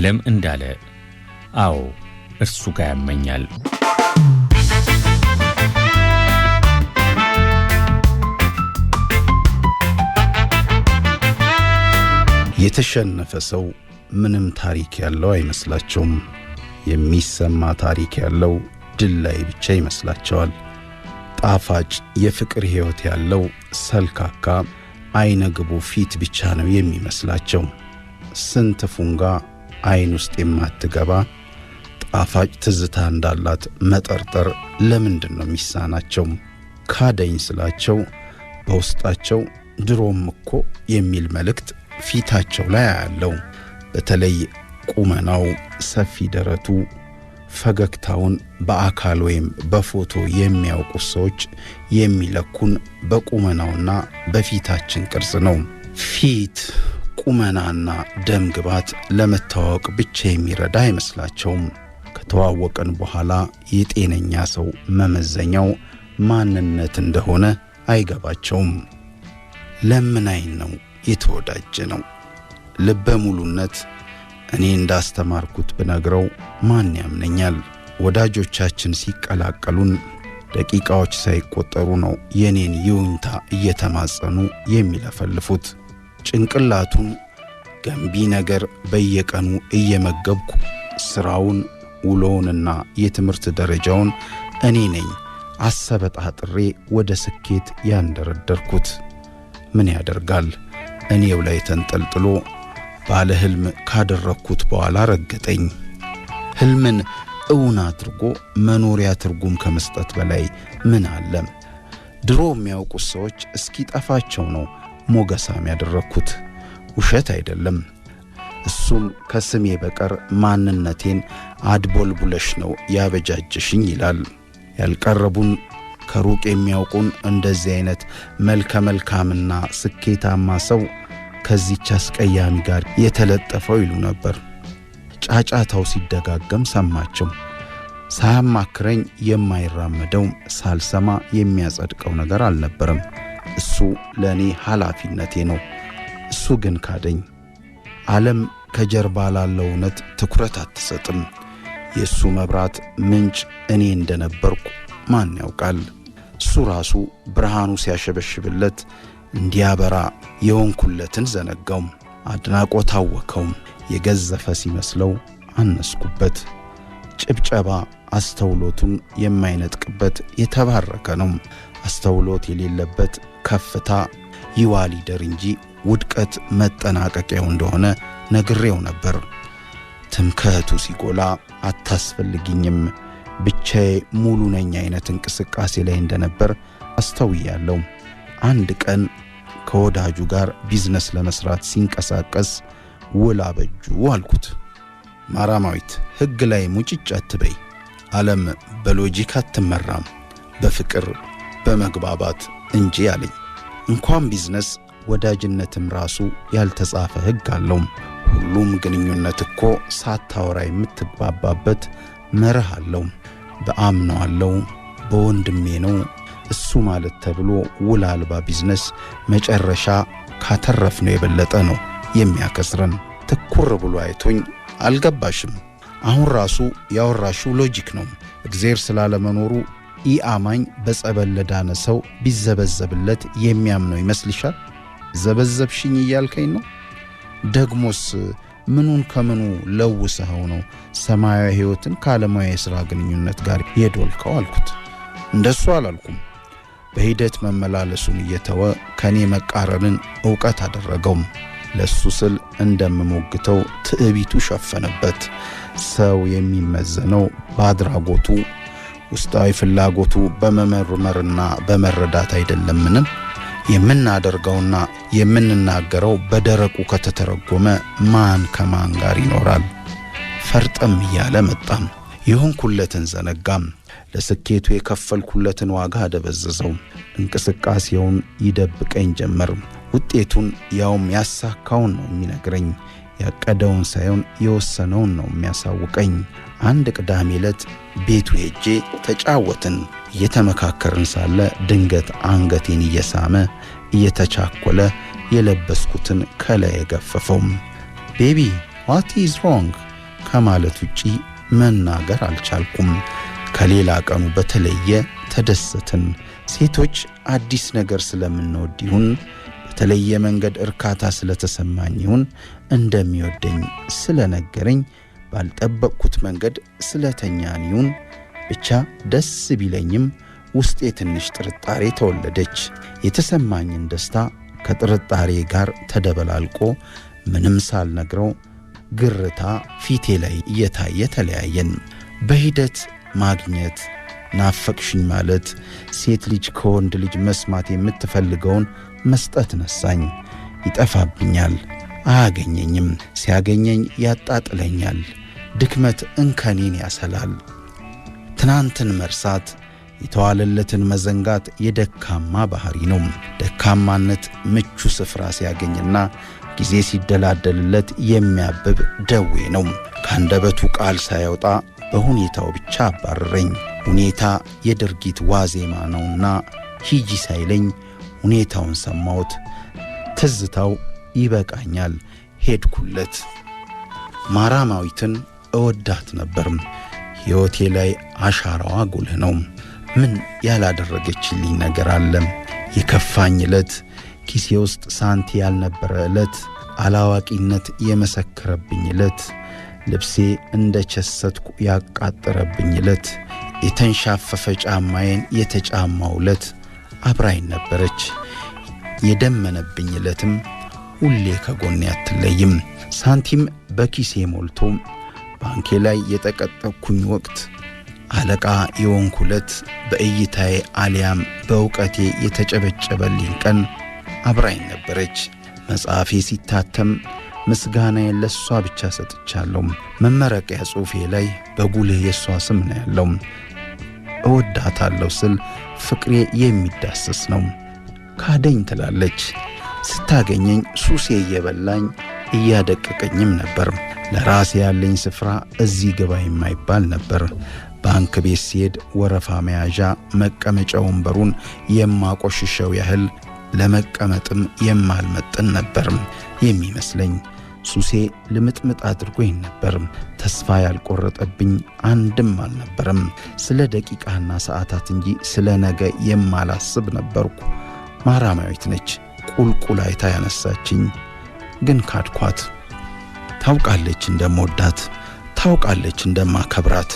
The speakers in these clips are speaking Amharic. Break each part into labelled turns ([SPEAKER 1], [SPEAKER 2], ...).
[SPEAKER 1] ዓለም እንዳለ አዎ እርሱ ጋር ያመኛል። የተሸነፈ ሰው ምንም ታሪክ ያለው አይመስላቸውም። የሚሰማ ታሪክ ያለው ድል ላይ ብቻ ይመስላቸዋል። ጣፋጭ የፍቅር ሕይወት ያለው ሰልካካ አይነ ፊት ብቻ ነው የሚመስላቸው። ስንት ፉንጋ አይን ውስጥ የማትገባ ጣፋጭ ትዝታ እንዳላት መጠርጠር ለምንድን ነው የሚሳናቸው? ካደኝ ስላቸው በውስጣቸው ድሮም እኮ የሚል መልእክት ፊታቸው ላይ አያለው። በተለይ ቁመናው፣ ሰፊ ደረቱ፣ ፈገግታውን በአካል ወይም በፎቶ የሚያውቁት ሰዎች የሚለኩን በቁመናውና በፊታችን ቅርጽ ነው። ፊት ቁመናና ደም ግባት ለመተዋወቅ ብቻ የሚረዳ አይመስላቸውም። ከተዋወቀን በኋላ የጤነኛ ሰው መመዘኛው ማንነት እንደሆነ አይገባቸውም። ለምናይን ነው የተወዳጀ ነው። ልበ ሙሉነት እኔ እንዳስተማርኩት ብነግረው ማን ያምነኛል? ወዳጆቻችን ሲቀላቀሉን ደቂቃዎች ሳይቆጠሩ ነው የኔን ይውኝታ እየተማጸኑ የሚለፈልፉት። ጭንቅላቱን ገንቢ ነገር በየቀኑ እየመገብኩ ስራውን፣ ውሎውንና የትምህርት ደረጃውን እኔ ነኝ አሰበጣጥሬ ወደ ስኬት ያንደረደርኩት። ምን ያደርጋል እኔው ላይ ተንጠልጥሎ ባለ ህልም ካደረግኩት በኋላ ረገጠኝ። ህልምን እውን አድርጎ መኖሪያ ትርጉም ከመስጠት በላይ ምን አለም? ድሮ የሚያውቁት ሰዎች እስኪጠፋቸው ነው ሞገሳም ያደረግኩት ውሸት አይደለም። እሱም ከስሜ በቀር ማንነቴን አድቦልቡለሽ ነው ያበጃጀሽኝ ይላል። ያልቀረቡን ከሩቅ የሚያውቁን እንደዚህ አይነት መልከ መልካምና ስኬታማ ሰው ከዚች አስቀያሚ ጋር የተለጠፈው ይሉ ነበር። ጫጫታው ሲደጋገም ሰማቸው። ሳያማክረኝ የማይራመደው ሳልሰማ የሚያጸድቀው ነገር አልነበረም። እሱ ለእኔ ኃላፊነቴ ነው። እሱ ግን ካደኝ። ዓለም ከጀርባ ላለው እውነት ትኩረት አትሰጥም። የእሱ መብራት ምንጭ እኔ እንደነበርኩ ማን ያውቃል? እሱ ራሱ ብርሃኑ ሲያሸበሽብለት እንዲያበራ የሆንኩለትን ዘነጋውም። አድናቆት አወከውም። የገዘፈ ሲመስለው አነስኩበት። ጭብጨባ አስተውሎቱን የማይነጥቅበት የተባረከ ነው። አስተውሎት የሌለበት ከፍታ ይዋ ሊደር እንጂ ውድቀት መጠናቀቂያው እንደሆነ ነግሬው ነበር። ትምክህቱ ሲጎላ አታስፈልግኝም ብቻዬ ሙሉ ነኝ አይነት እንቅስቃሴ ላይ እንደነበር አስተውያለሁ። አንድ ቀን ከወዳጁ ጋር ቢዝነስ ለመስራት ሲንቀሳቀስ ውል አበጁ አልኩት። ማራማዊት ሕግ ላይ ሙጭጭ አትበይ። ዓለም በሎጂክ አትመራም፣ በፍቅር በመግባባት እንጂ አለኝ። እንኳን ቢዝነስ ወዳጅነትም ራሱ ያልተጻፈ ሕግ አለውም። ሁሉም ግንኙነት እኮ ሳታወራ የምትግባባበት መርህ አለው። በአምነዋለው በወንድሜ ነው እሱ ማለት ተብሎ ውል አልባ ቢዝነስ መጨረሻ ካተረፍነው የበለጠ ነው የሚያከስረን። ትኩር ብሎ አይቶኝ አልገባሽም፣ አሁን ራሱ ያወራሽው ሎጂክ ነው፣ እግዜር ስላለመኖሩ ይህ አማኝ በጸበል ለዳነ ሰው ቢዘበዘብለት የሚያምነው ይመስልሻል? ዘበዘብሽኝ እያልከኝ ነው? ደግሞስ ምኑን ከምኑ ለውሰኸው ነው ሰማያዊ ሕይወትን ከዓለማዊ የሥራ ግንኙነት ጋር የዶልከው አልኩት። እንደሱ አላልኩም። በሂደት መመላለሱን እየተወ ከእኔ መቃረንን ዕውቀት አደረገውም። ለሱ ስል እንደምሞግተው ትዕቢቱ ሸፈነበት። ሰው የሚመዘነው በአድራጎቱ ውስጣዊ ፍላጎቱ በመመርመርና በመረዳት አይደለምን? የምናደርገውና የምንናገረው በደረቁ ከተተረጎመ ማን ከማን ጋር ይኖራል? ፈርጠም እያለ መጣም። የሆንኩለትን ዘነጋም። ለስኬቱ የከፈልኩለትን ዋጋ አደበዘዘው። እንቅስቃሴውን ይደብቀኝ ጀመር። ውጤቱን ያውም ያሳካውን ነው የሚነግረኝ። ያቀደውን ሳይሆን የወሰነውን ነው የሚያሳውቀኝ። አንድ ቅዳሜ ዕለት ቤቱ ሄጄ ተጫወትን። እየተመካከርን ሳለ ድንገት አንገቴን እየሳመ እየተቻኮለ የለበስኩትን ከላይ የገፈፈውም። ቤቢ ዋት ኢዝ ሮንግ ከማለት ውጪ መናገር አልቻልኩም። ከሌላ ቀኑ በተለየ ተደሰትን። ሴቶች አዲስ ነገር ስለምንወድ ይሁን በተለየ መንገድ እርካታ ስለተሰማኝ ይሁን እንደሚወደኝ ስለነገረኝ ባልጠበቅኩት መንገድ ስለተኛን ይሁን ብቻ ደስ ቢለኝም ውስጤ ትንሽ ጥርጣሬ ተወለደች። የተሰማኝን ደስታ ከጥርጣሬ ጋር ተደበላልቆ ምንም ሳልነግረው ግርታ ፊቴ ላይ እየታየ ተለያየን። በሂደት ማግኘት፣ ናፈቅሽኝ ማለት፣ ሴት ልጅ ከወንድ ልጅ መስማት የምትፈልገውን መስጠት ነሳኝ። ይጠፋብኛል አያገኘኝም። ሲያገኘኝ ያጣጥለኛል። ድክመት እንከኔን ያሰላል። ትናንትን መርሳት የተዋለለትን መዘንጋት የደካማ ባህሪ ነው። ደካማነት ምቹ ስፍራ ሲያገኝና ጊዜ ሲደላደልለት የሚያብብ ደዌ ነው። ካንደበቱ ቃል ሳያወጣ በሁኔታው ብቻ አባረረኝ። ሁኔታ የድርጊት ዋዜማ ነውና ሂጂ ሳይለኝ ሁኔታውን ሰማሁት። ትዝታው ይበቃኛል፣ ሄድኩለት። ማራማዊትን እወዳት ነበርም። ሕይወቴ ላይ አሻራዋ ጉልህ ነው። ምን ያላደረገችልኝ ነገር አለም? የከፋኝ ዕለት፣ ኪሴ ውስጥ ሳንቲ ያልነበረ ዕለት፣ አላዋቂነት የመሰከረብኝ ዕለት፣ ልብሴ እንደ ቸሰትኩ ያቃጠረብኝ ዕለት፣ የተንሻፈፈ ጫማዬን የተጫማው ዕለት አብራኝ ነበረች። የደመነብኝ ዕለትም ሁሌ ከጎኔ አትለይም። ሳንቲም በኪሴ ሞልቶ ባንኬ ላይ የጠቀጠኩኝ ወቅት አለቃ የወንኩለት በእይታዬ አሊያም በእውቀቴ የተጨበጨበልኝ ቀን አብራኝ ነበረች። መጽሐፌ ሲታተም ምስጋናዬን ለእሷ ብቻ ሰጥቻለሁ። መመረቂያ ጽሑፌ ላይ በጉልህ የእሷ ስም ነው ያለው። እወዳታለሁ ስል ፍቅሬ የሚዳሰስ ነው። ካደኝ ትላለች። ስታገኘኝ ሱሴ እየበላኝ እያደቀቀኝም ነበር። ለራሴ ያለኝ ስፍራ እዚህ ግባ የማይባል ነበር። ባንክ ቤት ሲሄድ ወረፋ መያዣ መቀመጫ ወንበሩን የማቆሽሸው ያህል ለመቀመጥም የማልመጥን ነበር የሚመስለኝ። ሱሴ ልምጥምጥ አድርጎኝ ነበር። ተስፋ ያልቆረጠብኝ አንድም አልነበረም። ስለ ደቂቃና ሰዓታት እንጂ ስለ ነገ የማላስብ ነበርኩ። ማራማዊት ነች። ቁልቁላይታ ያነሳችኝ፣ ግን ካድኳት። ታውቃለች እንደምወዳት፣ ታውቃለች እንደማከብራት፣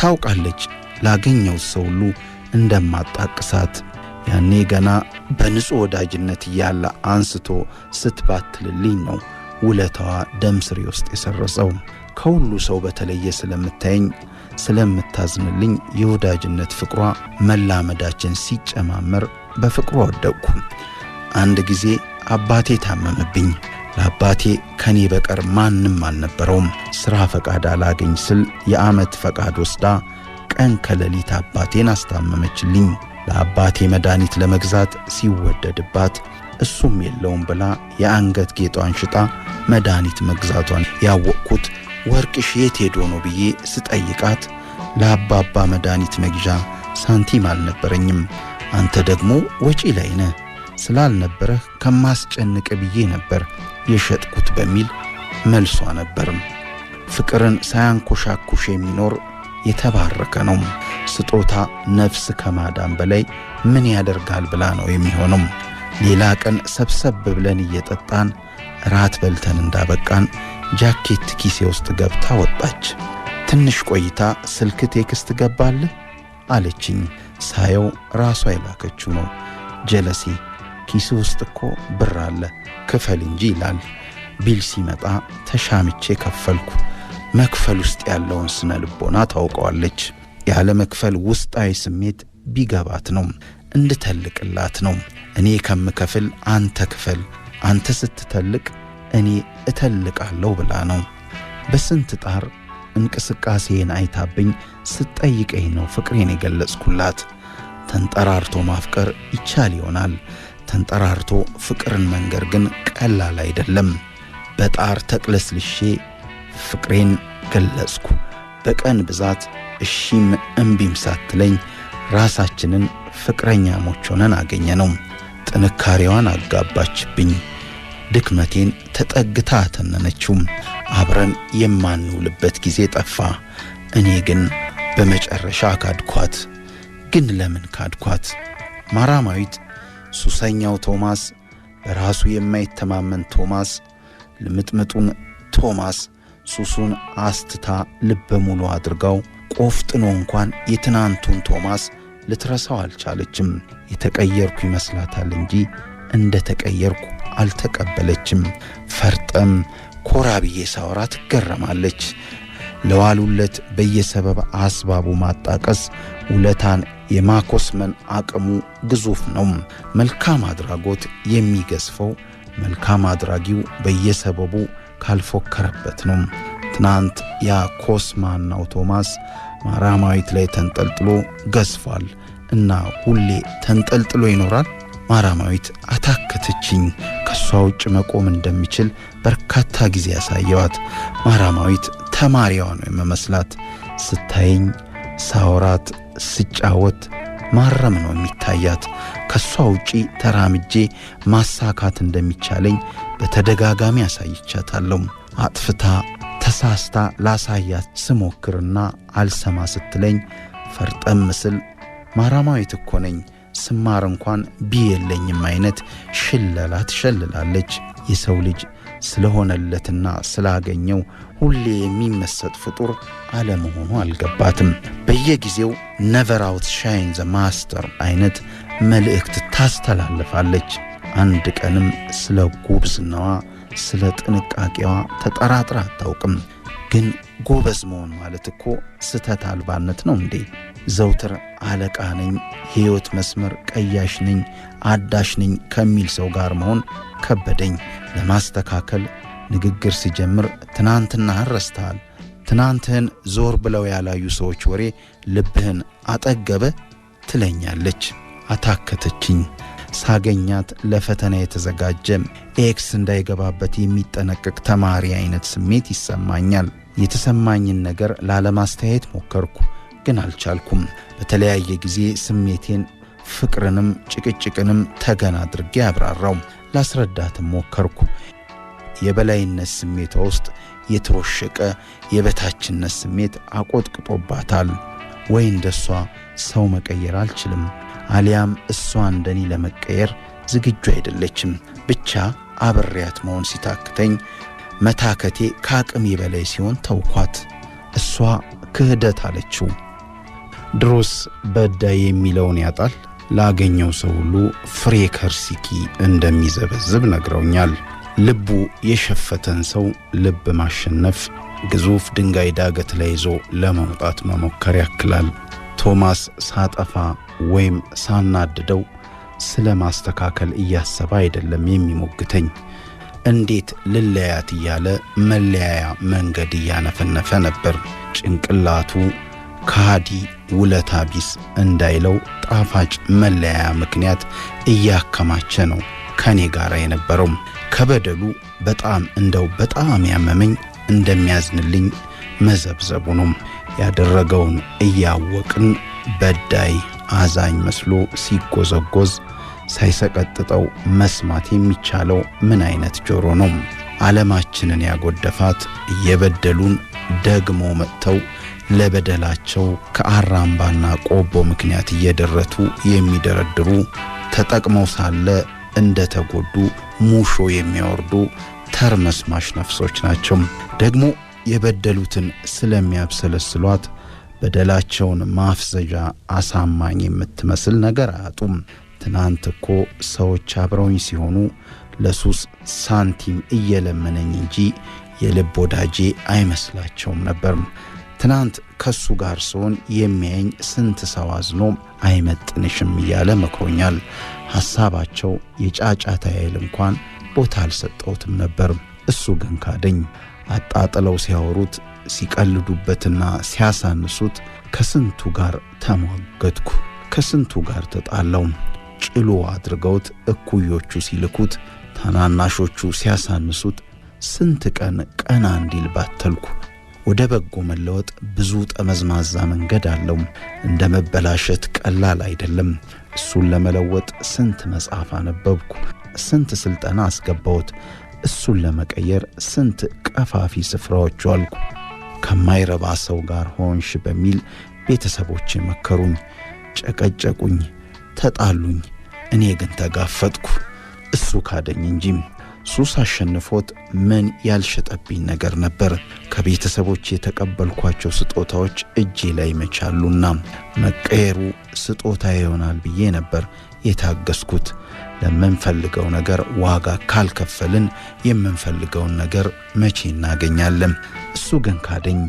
[SPEAKER 1] ታውቃለች ላገኘው ሰው ሁሉ እንደማጣቅሳት። ያኔ ገና በንጹሕ ወዳጅነት እያለ አንስቶ ስትባትልልኝ ነው ውለታዋ ደም ስሬ ውስጥ የሰረጸው። ከሁሉ ሰው በተለየ ስለምታየኝ ስለምታዝንልኝ የወዳጅነት ፍቅሯ መላመዳችን ሲጨማመር በፍቅሯ ወደቅኩ። አንድ ጊዜ አባቴ ታመመብኝ። ለአባቴ ከኔ በቀር ማንም አልነበረውም። ሥራ ፈቃድ አላገኝ ስል የዓመት ፈቃድ ወስዳ ቀን ከሌሊት አባቴን አስታመመችልኝ። ለአባቴ መድኃኒት ለመግዛት ሲወደድባት እሱም የለውም ብላ የአንገት ጌጧን ሽጣ መድኃኒት መግዛቷን ያወቅኩት ወርቅሽ የት ሄዶ ነው ብዬ ስጠይቃት ለአባባ መድኃኒት መግዣ ሳንቲም አልነበረኝም፣ አንተ ደግሞ ወጪ ላይ ነህ ስላልነበረህ ከማስጨንቅ ብዬ ነበር የሸጥኩት በሚል መልሷ ነበርም። ፍቅርን ሳያንኮሻኩሽ የሚኖር የተባረከ ነው። ስጦታ ነፍስ ከማዳን በላይ ምን ያደርጋል ብላ ነው የሚሆነው። ሌላ ቀን ሰብሰብ ብለን እየጠጣን ራት በልተን እንዳበቃን ጃኬት ኪሴ ውስጥ ገብታ ወጣች። ትንሽ ቆይታ ስልክ ቴክስት ገባልህ አለችኝ። ሳየው ራሷ የላከችው ነው። ጀለሴ ኪስ ውስጥ እኮ ብር አለ ክፈል እንጂ ይላል። ቢል ሲመጣ ተሻምቼ ከፈልኩ። መክፈል ውስጥ ያለውን ስነ ልቦና ታውቀዋለች። ያለ መክፈል ውስጣዊ ስሜት ቢገባት ነው፣ እንድተልቅላት ነው። እኔ ከምከፍል አንተ ክፈል፣ አንተ ስትተልቅ እኔ እተልቃለሁ ብላ ነው። በስንት ጣር እንቅስቃሴን አይታብኝ ስጠይቀኝ ነው ፍቅሬን የገለጽኩላት። ተንጠራርቶ ማፍቀር ይቻል ይሆናል። ተንጠራርቶ ፍቅርን መንገር ግን ቀላል አይደለም። በጣር ተቅለስልሼ ፍቅሬን ገለጽኩ። በቀን ብዛት እሺም እምቢም ሳትለኝ ራሳችንን ፍቅረኛሞች ሆነን አገኘ ነው። ጥንካሬዋን አጋባችብኝ፣ ድክመቴን ተጠግታ አተነነችው። አብረን የማንውልበት ጊዜ ጠፋ። እኔ ግን በመጨረሻ ካድኳት። ግን ለምን ካድኳት? ማራማዊት ሱሰኛው ቶማስ፣ በራሱ የማይተማመን ቶማስ፣ ልምጥምጡን ቶማስ ሱሱን አስትታ ልበ ሙሉ አድርጋው ቆፍጥኖ እንኳን የትናንቱን ቶማስ ልትረሳው አልቻለችም። የተቀየርኩ ይመስላታል እንጂ እንደ ተቀየርኩ አልተቀበለችም። ፈርጠም ኮራ ብዬ ሳወራ ትገረማለች። ለዋሉለት በየሰበብ አስባቡ ማጣቀስ ውለታን የማኮስመን አቅሙ ግዙፍ ነው። መልካም አድራጎት የሚገዝፈው መልካም አድራጊው በየሰበቡ ካልፎከረበት ነው። ትናንት ያ ኮስማናው ቶማስ ማራማዊት ላይ ተንጠልጥሎ ገዝፏል እና ሁሌ ተንጠልጥሎ ይኖራል። ማራማዊት አታከተችኝ። ከእሷ ውጭ መቆም እንደሚችል በርካታ ጊዜ ያሳየዋት ማራማዊት ተማሪዋ ነው የመመስላት ስታየኝ፣ ሳውራት ስጫወት ማረም ነው የሚታያት። ከሷ ውጪ ተራምጄ ማሳካት እንደሚቻለኝ በተደጋጋሚ አሳይቻታለሁ። አጥፍታ ተሳስታ ላሳያት ስሞክርና አልሰማ ስትለኝ ፈርጠም ምስል ማራማዊት እኮ ነኝ ስማር እንኳን ቢየለኝም አይነት ሽለላ ትሸልላለች። የሰው ልጅ ስለሆነለትና ስላገኘው ሁሌ የሚመሰጥ ፍጡር አለመሆኑ አልገባትም። በየጊዜው ነቨር አውት ሻይን ዘ ማስተር አይነት መልእክት ታስተላልፋለች። አንድ ቀንም ስለ ጉብዝናዋ፣ ስለ ጥንቃቄዋ ተጠራጥራ አታውቅም። ግን ጎበዝ መሆን ማለት እኮ ስተት አልባነት ነው እንዴ? ዘውትር አለቃ ነኝ፣ የሕይወት መስመር ቀያሽ ነኝ፣ አዳሽ ነኝ ከሚል ሰው ጋር መሆን ከበደኝ። ለማስተካከል ንግግር ሲጀምር ትናንትና ረስተሃል፣ ትናንትህን ዞር ብለው ያላዩ ሰዎች ወሬ ልብህን አጠገበ ትለኛለች። አታከተችኝ። ሳገኛት ለፈተና የተዘጋጀ ኤክስ እንዳይገባበት የሚጠነቀቅ ተማሪ አይነት ስሜት ይሰማኛል። የተሰማኝን ነገር ላለማስተያየት ሞከርኩ፣ ግን አልቻልኩም። በተለያየ ጊዜ ስሜቴን ፍቅርንም ጭቅጭቅንም ተገን አድርጌ አብራራው። ላስረዳትም ሞከርኩ። የበላይነት ስሜቷ ውስጥ የተወሸቀ የበታችነት ስሜት አቆጥቅጦባታል። ወይ እንደሷ ሰው መቀየር አልችልም፣ አሊያም እሷ እንደኔ ለመቀየር ዝግጁ አይደለችም። ብቻ አብሬያት መሆን ሲታክተኝ መታከቴ ከአቅሜ በላይ ሲሆን ተውኳት። እሷ ክህደት አለችው። ድሮስ በዳይ የሚለውን ያጣል። ላገኘው ሰው ሁሉ ፍሬ ከርሲኪ እንደሚዘበዝብ ነግረውኛል። ልቡ የሸፈተን ሰው ልብ ማሸነፍ ግዙፍ ድንጋይ ዳገት ላይ ይዞ ለመውጣት መሞከር ያክላል። ቶማስ ሳጠፋ ወይም ሳናድደው ስለ ማስተካከል እያሰበ አይደለም የሚሞግተኝ። እንዴት ልለያት እያለ መለያያ መንገድ እያነፈነፈ ነበር። ጭንቅላቱ ከሃዲ ውለታ ቢስ እንዳይለው ጣፋጭ መለያ ምክንያት እያከማቸ ነው ከኔ ጋር የነበረው። ከበደሉ በጣም እንደው በጣም ያመመኝ እንደሚያዝንልኝ መዘብዘቡ ነው። ያደረገውን እያወቅን በዳይ አዛኝ መስሎ ሲጎዘጎዝ ሳይሰቀጥጠው መስማት የሚቻለው ምን አይነት ጆሮ ነው? ዓለማችንን ያጎደፋት የበደሉን ደግሞ መጥተው ለበደላቸው ከአራምባና ቆቦ ምክንያት እየደረቱ የሚደረድሩ ተጠቅመው ሳለ እንደተጎዱ ሙሾ የሚያወርዱ ተርመስማሽ ነፍሶች ናቸው። ደግሞ የበደሉትን ስለሚያብሰለስሏት በደላቸውን ማፍዘዣ አሳማኝ የምትመስል ነገር አያጡም። ትናንት እኮ ሰዎች አብረውኝ ሲሆኑ ለሱስ ሳንቲም እየለመነኝ እንጂ የልብ ወዳጄ አይመስላቸውም ነበር። ትናንት ከሱ ጋር ስሆን የሚያኝ ስንት ሰው አዝኖ አይመጥንሽም እያለ መክሮኛል። ሐሳባቸው የጫጫታ ያህል እንኳን ቦታ አልሰጠሁትም ነበር። እሱ ግን ካደኝ። አጣጥለው ሲያወሩት ሲቀልዱበትና ሲያሳንሱት ከስንቱ ጋር ተሟገትኩ፣ ከስንቱ ጋር ተጣላው። ጭሎ አድርገውት እኩዮቹ ሲልኩት፣ ታናናሾቹ ሲያሳንሱት ስንት ቀን ቀና እንዲል ባተልኩ። ወደ በጎ መለወጥ ብዙ ጠመዝማዛ መንገድ አለው። እንደ መበላሸት ቀላል አይደለም። እሱን ለመለወጥ ስንት መጽሐፍ አነበብኩ፣ ስንት ሥልጠና አስገባሁት። እሱን ለመቀየር ስንት ቀፋፊ ስፍራዎች አልኩ። ከማይረባ ሰው ጋር ሆንሽ በሚል ቤተሰቦች መከሩኝ፣ ጨቀጨቁኝ፣ ተጣሉኝ። እኔ ግን ተጋፈጥኩ፣ እሱ ካደኝ እንጂ ሱስ አሸንፎት ምን ያልሸጠብኝ ነገር ነበር? ከቤተሰቦች የተቀበልኳቸው ስጦታዎች እጄ ላይ መቻሉና መቀየሩ ስጦታ ይሆናል ብዬ ነበር የታገስኩት። ለምንፈልገው ነገር ዋጋ ካልከፈልን የምንፈልገውን ነገር መቼ እናገኛለን? እሱ ግን ካደኝ።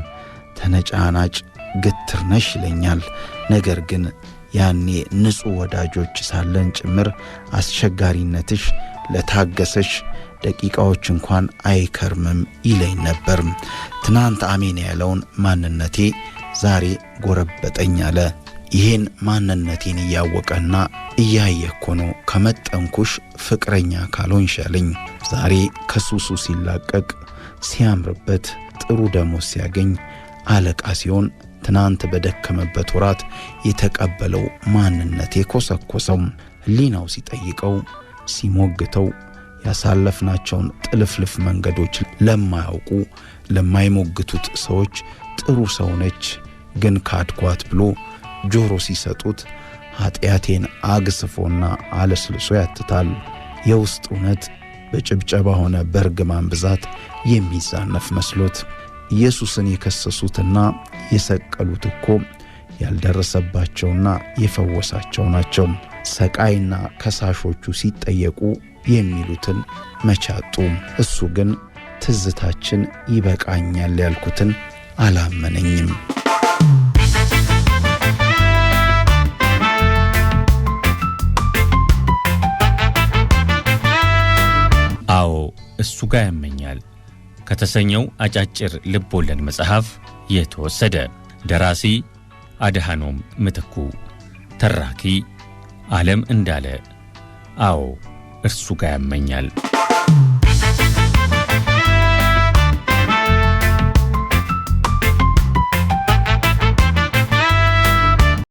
[SPEAKER 1] ተነጫናጭ ግትር ነሽ ይለኛል። ነገር ግን ያኔ ንጹሕ ወዳጆች ሳለን ጭምር አስቸጋሪነትሽ ለታገሰች ደቂቃዎች እንኳን አይከርምም ይለኝ ነበር። ትናንት አሜን ያለውን ማንነቴ ዛሬ ጎረበጠኝ አለ። ይህን ማንነቴን እያወቀና እያየኮ ነው ከመጠንኩሽ ፍቅረኛ ካልሆንሽ ያለኝ። ዛሬ ከሱሱ ሲላቀቅ ሲያምርበት ጥሩ ደሞዝ ሲያገኝ አለቃ ሲሆን ትናንት በደከመበት ወራት የተቀበለው ማንነቴ ኮሰኮሰው። ሕሊናው ሲጠይቀው ሲሞግተው ያሳለፍናቸውን ጥልፍልፍ መንገዶች ለማያውቁ ለማይሞግቱት ሰዎች ጥሩ ሰው ነች ግን ካድኳት ብሎ ጆሮ ሲሰጡት ኃጢአቴን አግስፎና አለስልሶ ያትታል። የውስጥ እውነት በጭብጨባ ሆነ በርግማን ብዛት የሚዛነፍ መስሎት ኢየሱስን የከሰሱትና የሰቀሉት እኮ ያልደረሰባቸውና የፈወሳቸው ናቸው። ሰቃይና ከሳሾቹ ሲጠየቁ የሚሉትን መቻጡ። እሱ ግን ትዝታችን ይበቃኛል ያልኩትን አላመነኝም።
[SPEAKER 2] አዎ እሱ ጋር ያመኛል ከተሰኘው አጫጭር ልብ ወለድ መጽሐፍ የተወሰደ ደራሲ አድሃኖም ምትኩ ተራኪ ዓለም እንዳለ አዎ እርሱ ጋር ያመኛል።